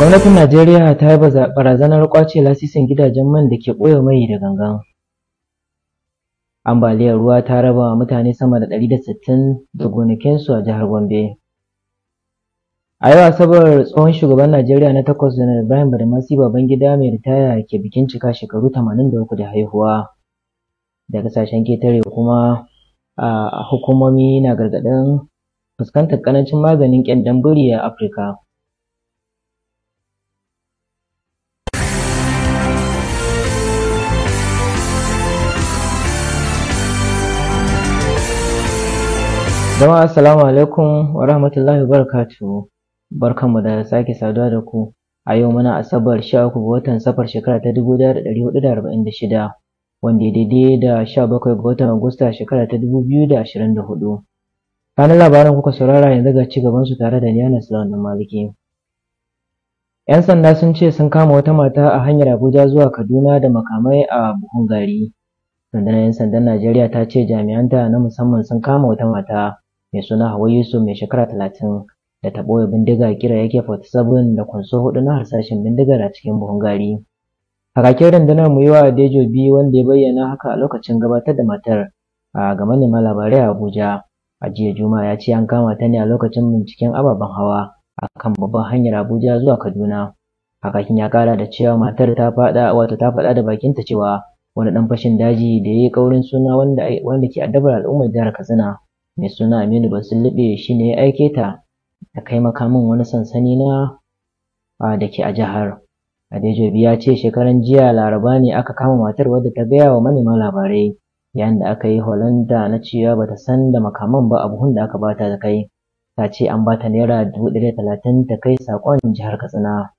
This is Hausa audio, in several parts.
Gwamnatin Najeriya ta yi barazanar kwace lasisin gidajen man da ke ɓoye mai da gangan. Ambaliyar ruwa ta raba wa mutane sama da 160 da gonakinsu a jihar Gombe. A yau Asabar tsohon shugaban Najeriya na takwas da Ibrahim babban gida mai ritaya ke bikin cika shekaru 83 da haihuwa. Da kasashen ketare kuma a hukumomi na gargaɗin fuskantar ƙarancin maganin ƙyandan biri a Afirka. Jama'a assalamu alaikum wa rahmatullahi wa Barkanmu da sake saduwa da ku a yau muna Asabar 13 ga watan Safar shekara ta 1446 wanda ya daidai da 17 ga watan Agusta shekara ta 2024. Kanin labaran kuka saurara yanzu ga cigaban su tare da Niyana Sulaiman Maliki. 'Yan sanda sun ce sun kama wata mata a hanyar Abuja zuwa Kaduna da makamai a buhun gari. Rundunar 'yan sandan Najeriya ta ce jami'anta na musamman sun kama wata mata mai suna Hawa Yusuf mai shekara talatin da ta ɓoye bindiga kira AK-47 da kwanso hudu na harsashin bindigar a cikin buhun gari. Hakakin rundunar Muyiwa Dejo biyu wanda ya bayyana haka a lokacin gabatar da matar a ga manema labarai a Abuja. A jiya Juma ya ce an kama ta ne a lokacin binciken ababen hawa a kan babban hanyar Abuja zuwa Kaduna. Hakakin ya kara da cewa matar ta faɗa wato ta faɗa da bakinta cewa wani ɗan fashin daji da ya yi ƙaurin suna wanda ke addabar al'ummar jihar Katsina mai suna Aminu Basillube shi ne ya aike ta ta kai makamin wani sansani na da ke a jihar. Adejobi ya ce shekaran jiya laraba ne aka kama matar wadda ta gaya wa manema labarai yayin da aka yi holanda na cewa bata san da makaman ba a buhun da aka bata da kai. Ta ce an bata naira dubu ɗari talatin ta kai saƙon jihar Katsina.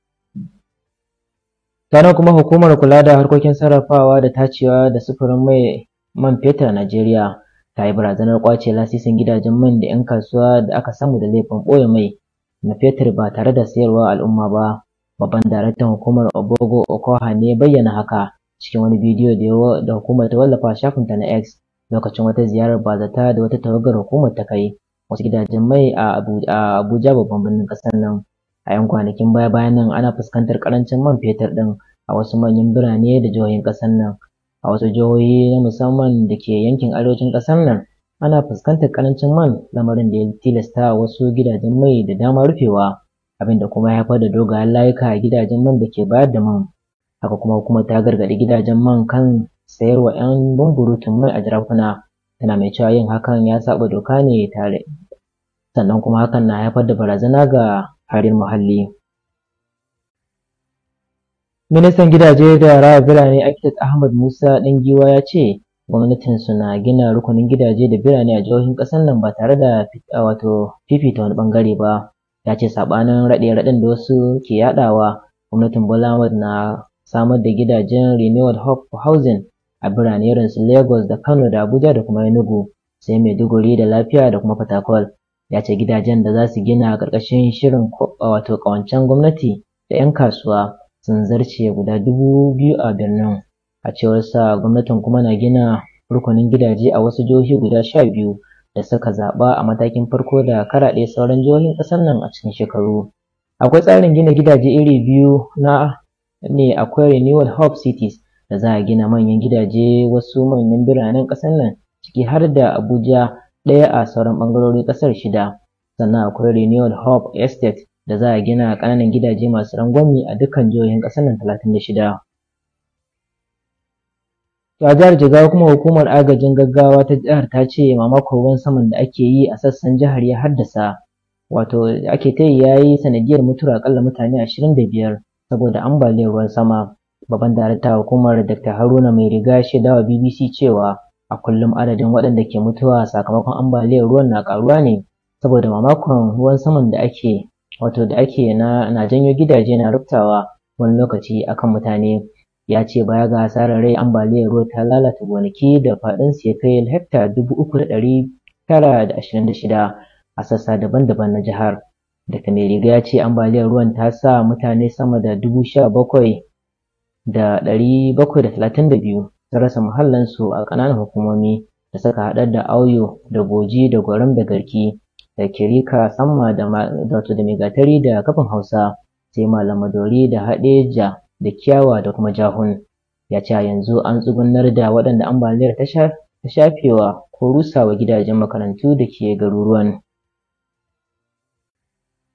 Sannan kuma hukumar kula da harkokin sarrafawa da tacewa da sufurin mai man fetur Najeriya ta yi barazanar kwace lasisin gidajen man da 'yan kasuwa da aka samu da laifin ɓoye mai na fetur ba tare da sayarwa al'umma ba babban daraktan hukumar obogo okoha ne bayyana haka cikin wani bidiyo da hukumar ta wallafa shafin ta na x lokacin wata ziyarar bazata da wata tawagar hukumar ta kai wasu gidajen mai a abuja babban birnin kasar nan a yan kwanakin baya bayan nan ana fuskantar karancin man fetur din a wasu manyan birane da jihohin kasar nan a wasu jihohi na musamman da ke yankin arewacin ƙasar nan ana fuskantar ƙarancin man lamarin da ya tilasta wasu gidajen mai da dama rufewa abin da kuma haifar da dogayen layuka a gidajen man da ke bayar da man haka kuma hukumar ta gargaɗi gidajen man kan sayarwa 'yan bumburutun mai a jarakuna tana mai cewa yin hakan ya saba doka ne tare sannan kuma hakan na haifar da barazana ga harin muhalli Ministan gidaje da raya birane akitat Ahmad Musa Dangiwa ya ce gwamnatin su na gina rukunin gidaje da birane a jihohin ƙasar nan ba tare da wato fifita wani bangare ba. Ya ce sabanin raɗe raɗin da wasu ke yaɗawa gwamnatin Bola na samar da gidajen Renewed Hope for Housing a birane irin su Lagos da Kano da Abuja da kuma Enugu sai Maiduguri da Lafiya da kuma Fatakwal. Ya ce gidajen da za su gina a ƙarƙashin shirin wato ƙawancen gwamnati da 'yan kasuwa zanzarce guda dubu biyu a birnin a cewar sa gwamnatin kuma na gina rukunin gidaje a wasu jihohi guda sha biyu da suka zaɓa a matakin farko da karaɗe sauran jihohin ƙasar nan a cikin shekaru akwai tsarin gina gidaje iri biyu na ne akwai renewal hope cities da za a gina manyan gidaje wasu manyan biranen ƙasar nan ciki har da abuja ɗaya a sauran ɓangarorin ƙasar shida sannan akwai renewal hope estate da za a gina ƙananan gidaje masu rangwame a dukkan jihohin ƙasar nan talatin da shida. To a jihar Jigawa kuma hukumar agajin gaggawa ta jihar ta ce mamakon ruwan saman da ake yi a sassan jihar ya haddasa wato ake ta yi yayi sanadiyar mutuwar akalla mutane ashirin da biyar saboda ambaliyar ruwan sama. Babban darakta hukumar Dr. Haruna mai riga wa BBC cewa a kullum adadin waɗanda ke mutuwa sakamakon ambaliyar ruwan na ƙaruwa ne saboda mamakon ruwan saman da ake wato da ake na na janyo gidaje na rubutawa wani lokaci akan mutane ya ce baya ga asarar rai ambaliyar ruwa ta lalata gonaki da faɗin su ya kai hekta dubu uku da ɗari tara da ashirin da shida a sassa daban-daban na jihar daga mai riga ya ce ambaliyar ruwan ta sa mutane sama da dubu sha bakwai da ɗari bakwai da talatin da biyu su rasa muhallansu a ƙananan hukumomi da suka haɗar da auyo da goji da gwaron da garki da Kirika Tsamma da wato da Megatari da kafin Hausa sai Malam Madori da Hadeja da Kiyawa da kuma Jahun. Ya ce yanzu an tsugunnar da waɗanda ambaliyar ta shafewa ko rusawa gidajen makarantu da ke garuruwan.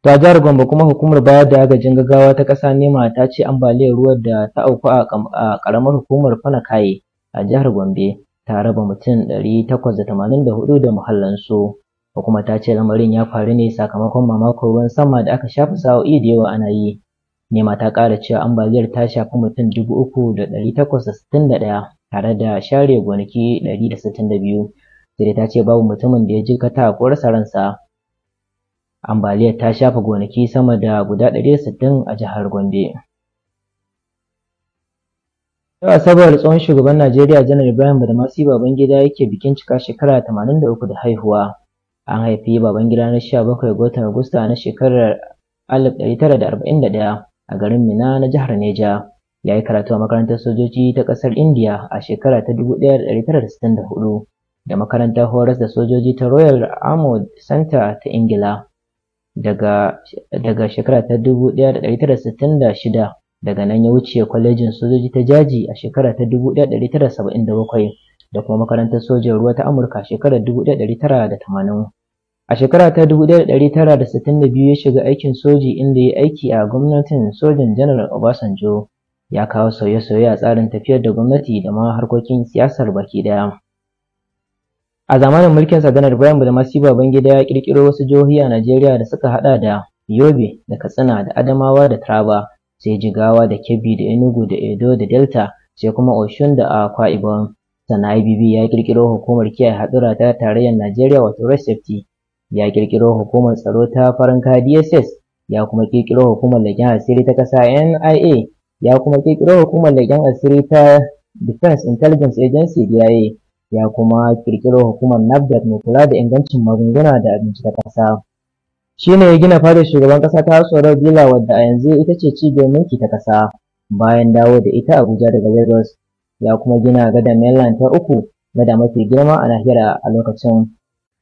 ta jihar gombe kuma hukumar baya da agajin gaggawa ta ƙasa nema ta ce ambaliyar ruwa da ta auku a ƙaramar hukumar fanakaye a jihar gombe ta raba mutum 884 da muhallansu ko kuma ta ce lamarin ya faru ne sakamakon mamakon ruwan sama da aka shafi sa'o'i da yawa ana yi nema ta ƙara cewa ambaliyar ta shafi mutum dubu uku da ɗari takwas da sittin da ɗaya tare da share gonaki ɗari da sittin da biyu sai ta ce babu mutumin da ya jikata ko rasa ransa ambaliyar ta shafa gonaki sama da guda ɗari da sittin a jihar gombe yau asabar tsohon shugaban najeriya janar ibrahim badamasi babangida yake bikin cika shekara tamanin da haihuwa an haifi gida na 17 bakwai ga watan Agusta na shekarar 1941 a garin Mina na jihar Neja. Ya yi karatu a makarantar sojoji ta ƙasar Indiya a shekara ta 1964 da makarantar horas da sojoji ta Royal Armoured Center ta Ingila daga, daga shekara ta 1966 daga nan ya wuce kwalejin sojoji ta jaji a shekara ta 1977 da kuma makarantar sojin ruwa ta Amurka shekarar 1980. A shekara ta 1962 ya shiga aikin soji inda ya aiki a gwamnatin Sojan Janar Obasanjo. Ya kawo sauye-sauye a tsarin tafiyar da gwamnati da ma harkokin siyasar baki daya. A zamanin mulkin sa Janar Ibrahim Badamasi Babangida ya kirkiro wasu johi a Najeriya da suka hada da Yobe da Katsina da Adamawa da Taraba, sai Jigawa da Kebbi da Enugu da Edo da Delta, sai kuma Oshun da Akwa Ibom. Sannan IBB ya kirkiro hukumar kiyaye hadura ta tarayyar Najeriya wato Road Safety ya kirkiro hukumar tsaro ta farin DSS ya kuma kirkiro hukumar leken asiri ta ƙasa NIA ya kuma kirkiro hukumar leken asiri ta Defense Intelligence Agency DIA ya kuma kirkiro hukumar NAFDAC mai kula da ingancin magunguna da abinci ta ƙasa. Shi ne ya gina fadar shugaban ƙasa ta tsoron Bila wadda a yanzu ita ce cibiyar mulki ta ƙasa bayan dawo da ita Abuja daga Lagos ya kuma gina gada mainland ta uku gada mafi girma a nahiyar a lokacin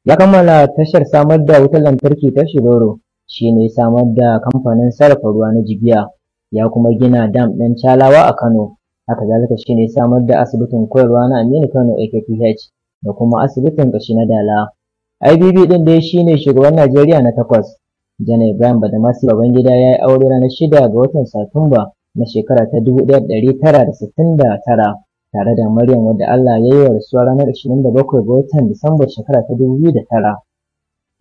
ya kammala tashar samar da wutar lantarki ta Shiroro shi ne samar da kamfanin sarrafa ruwa na Jibiya ya kuma gina dam ɗin Calawa a Kano haka zalika shi ne samar da asibitin koyarwa na Aminu Kano AKPH da kuma asibitin ƙashi na Dala. IBB ɗin dai shi ne shugaban Najeriya na takwas. Janar Ibrahim Badamasi Babangida ya yi aure ranar shida ga watan Satumba na shekara ta dubu ɗaya da ɗari tara da sittin da tara tare da Maryam wadda Allah ya yi wa rasuwa ranar 27 ga watan Disambar shekara ta 2009.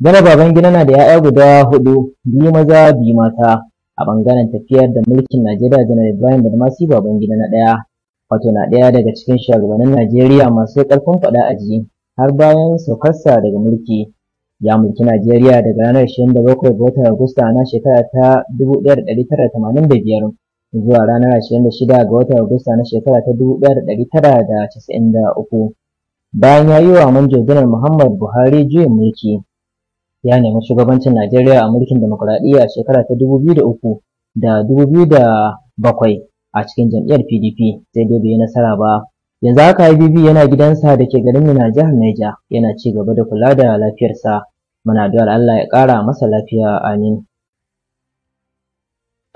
Gana baban gida na da ‘ya'ya guda hudu, biyu maza biyu mata a bangaren tafiyar da mulkin Najeriya Janar Ibrahim Badmasi baban gida na ɗaya. Wato na ɗaya daga cikin shugabannin Najeriya masu ƙarfin faɗa a ji har bayan saukarsa daga mulki. Ya mulki Najeriya daga ranar 27 ga watan Agusta na shekara ta 1985 zuwa ranar 26 ga watan Agusta na shekara ta 1993 bayan ya yi wa manjoginar Muhammad Buhari juyin mulki. Ya nemi shugabancin Najeriya a mulkin demokuraɗiyya a shekara ta 2003 da 2007 a cikin jam'iyyar PDP sai dai bai nasara ba. Yanzu haka IBB yana gidansa da ke garin Mina jihar Niger yana ci gaba da kula da lafiyarsa. Muna addu'ar Allah ya ƙara masa lafiya amin.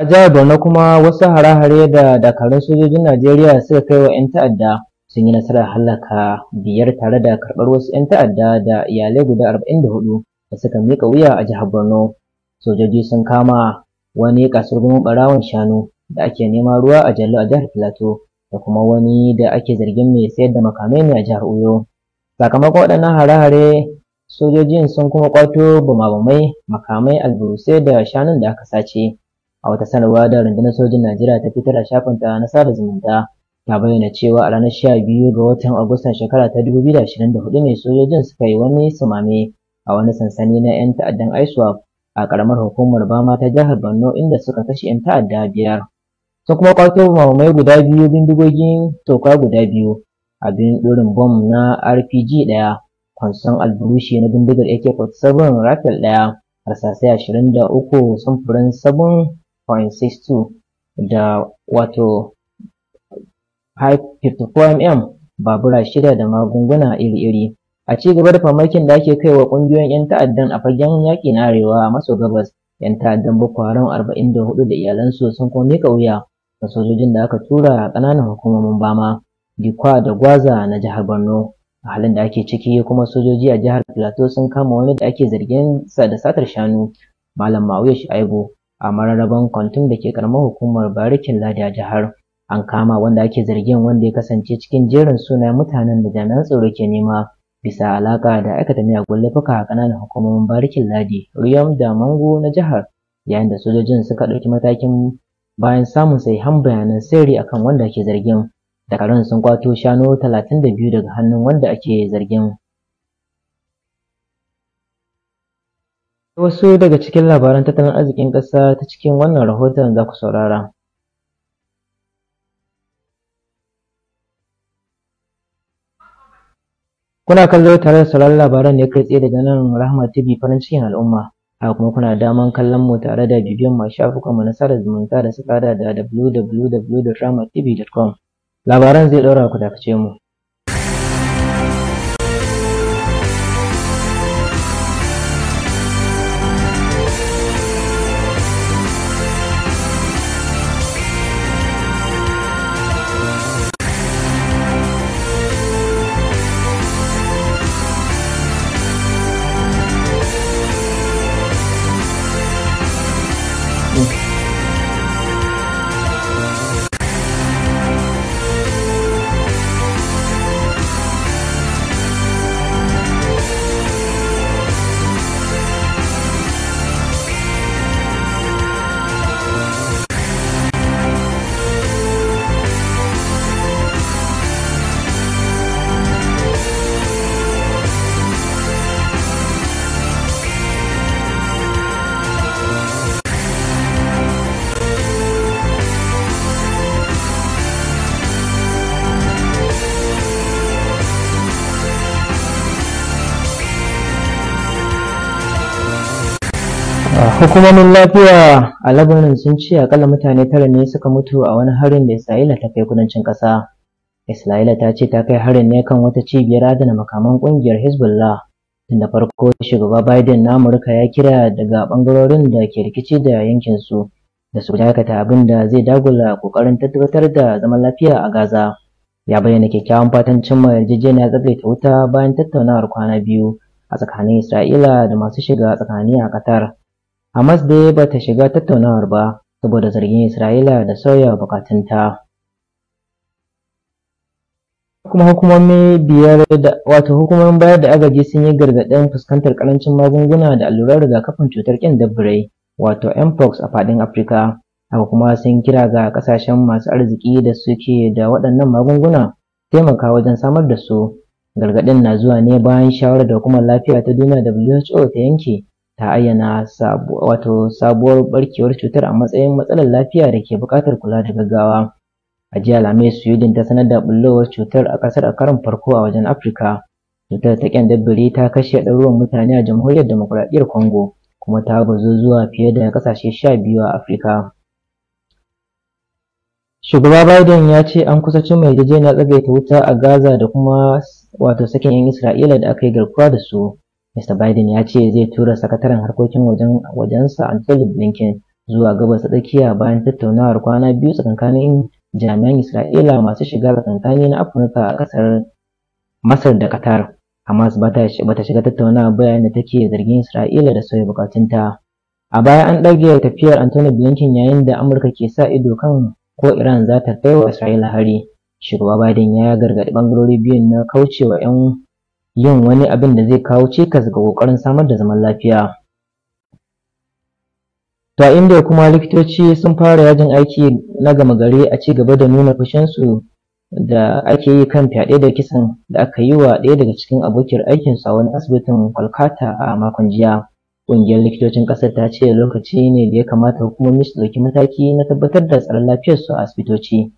A jihar Borno kuma wasu hare-hare da dakarun sojojin Najeriya suka kai wa 'yan ta'adda sun yi nasarar hallaka biyar tare da karɓar wasu 'yan ta'adda da iyalai guda 44 da suka mika wuya a jihar Borno. Sojoji sun kama wani kasurgumin Barawon shanu da ake nema ruwa a Jallo a jihar Filato da kuma wani da ake zargin mai sayar da makamai ne a jihar Uyo. Sakamakon waɗannan hare-hare sojojin sun kuma kwato bumabumai makamai alburusai da shanun da aka sace. a wata sanarwa da rundunar sojin najeriya ta fitar a shafinta na sada zumunta ta bayyana cewa a ranar sha biyu ga watan Agusta shekara ta dubu ne sojojin suka yi wani sumame a wani sansani na 'yan ta'addan iswap a karamar hukumar bama ta jihar borno inda suka kashe 'yan ta'adda biyar sun kuma kwato mamamai guda biyu bindigogin toka guda biyu a abin ɗorin bom na rpg daya, kwanson alburushi na bindigar ak-47 rifle ɗaya harsasai 23 samfurin sabon 5.62 da wato 54mm babura shida da magunguna iri-iri. A ci gaba da famakin da ake kaiwa ƙungiyoyin 'yan ta'addan a fagen yaƙi na arewa maso gabas, 'yan ta'addan Boko Haram 44 da iyalansu sun kuma mika wuya ga sojojin da aka tura a ƙananan hukumomin Bama, Dikwa da Gwaza na jihar Borno. A halin da ake ciki kuma sojoji a jihar Plateau sun kama wani da ake zargin sa da satar shanu, Malam Ma'auya Shu'aibu, a mararraban kwantum da ke karamar hukumar barikin ladi a jihar an kama wanda ake zargin wanda ya kasance cikin jerin sunayen mutanen da jami'an tsaro ke nema bisa alaka da aikata miyagun laifuka a kananan hukumomin barikin ladi riyam da mango na jihar yayin da sojojin suka ɗauki matakin bayan samun sahihan bayanan sirri akan wanda ake zargin da dakarun sun kwato shanu talatin, da biyu daga hannun wanda ake zargin Wasu daga cikin labaran tattalin arzikin ƙasa ta cikin wannan rahoton za ku saurara. Kuna kallo tare da sauran labaran ne kai tsaye daga nan Rahma TV farin cikin al'umma. Haka kuma kuna daman kallon mu tare da bibiyan mu shafukan shafukanmu na sada zumunta da suka da www.rahmatv.com. Labaran zai ɗaura ku dakace mu. hukumomin lafiya a labarin sun ce akalla mutane tara ne suka mutu a wani harin da isra'ila ta kai kudancin ƙasa isra'ila ta ce ta kai harin ne kan wata cibiyar adana makaman ƙungiyar hezbollah tun da farko shugaba biden na amurka ya kira daga ɓangarorin da ke rikici da yankin su da su dakata abin da zai dagula ƙoƙarin tattabatar da zaman lafiya a gaza ya bayyana kyakkyawan fatan cimma yarjejeniya tsagaita wuta bayan tattaunawar kwana biyu a tsakanin isra'ila da masu shiga tsakani a qatar Hamas dai ba ta shiga tattaunawar ba saboda zargin Isra'ila da sauya bukatunta. Kuma hukumomi biyar da wato hukumomin bayar da agaji sun yi gargaɗin fuskantar karancin magunguna da allurar rigakafin cutar ƙyan dabbirai wato mpox a faɗin Afirka. Haka kuma sun kira ga ƙasashen masu arziki da suke da waɗannan magunguna taimaka wajen samar da su. Gargaɗin na zuwa ne bayan shawarar da hukumar lafiya ta duniya WHO ta yanke ta ayyana wato sabuwar barkewar cutar a matsayin matsalar lafiya da ke buƙatar kula da gaggawa. A jiya Alhamis Sweden ta sanar da bullowar cutar a ƙasar a karon farko a wajen Afirka. Cutar ta ƙyandabiri ta kashe ɗaruruwan mutane a jamhuriyar demokuraɗiyyar Congo kuma ta bazu zuwa fiye da ƙasashe sha biyu a Afirka. Shugaba Biden ya ce an kusa cin mai na tsagaita wuta a Gaza da kuma wato sakin 'yan Isra'ila da aka yi garkuwa da su. Mr. Biden ya ce zai tura sakataren harkokin wajen wajensa Anthony Blinken zuwa gabas ta tsakiya bayan tattaunawar kwana biyu tsakankanin jami'an Isra'ila masu shiga tsakankani na Afirka a kasar Masar da Qatar. Hamas ba ta shiga tattaunawa bayan da take zargin Isra'ila da sauya bukatunta. A baya an ɗage tafiyar Anthony Blinken yayin da Amurka ke sa ido kan ko Iran za ta kai wa Isra'ila hari. Shugaba Biden ya gargaɗi ɓangarori biyun na kaucewa 'yan yin wani abin da zai kawo cikas ga ƙoƙarin samar da zaman lafiya. To a inda kuma likitoci sun fara yajin aiki na gama gari a ci gaba da nuna fushinsu da ake yi kan fyaɗe da kisan da aka yi wa ɗaya daga cikin aikin su a wani asibitin Kolkata a makon jiya. Ƙungiyar likitocin ƙasar ta ce lokaci ne da ya kamata hukumomi su ɗauki mataki na tabbatar da tsaron lafiyarsu a asibitoci.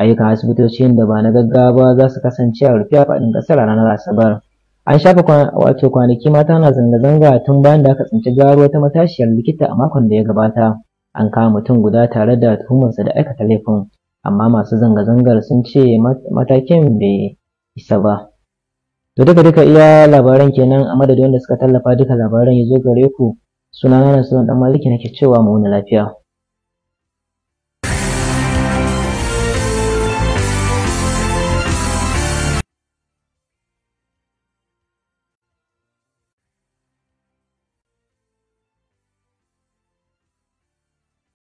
Ayyukan asibitocin da ba na gaggawa ba za su kasance a rufe a faɗin ƙasar a ranar Asabar. an shafa wato kwanaki mata na zanga-zanga tun bayan da aka tsinci gawar wata matashiyar likita a makon da ya gabata an kama mutum guda tare da tuhumarsa da aikata laifin amma masu zanga-zangar sun ce matakin bai isa ba to duka duka iya labaran kenan a madadin wanda suka tallafa duka labaran ya zo gare ku sunana na sunan dan maliki nake cewa mu lafiya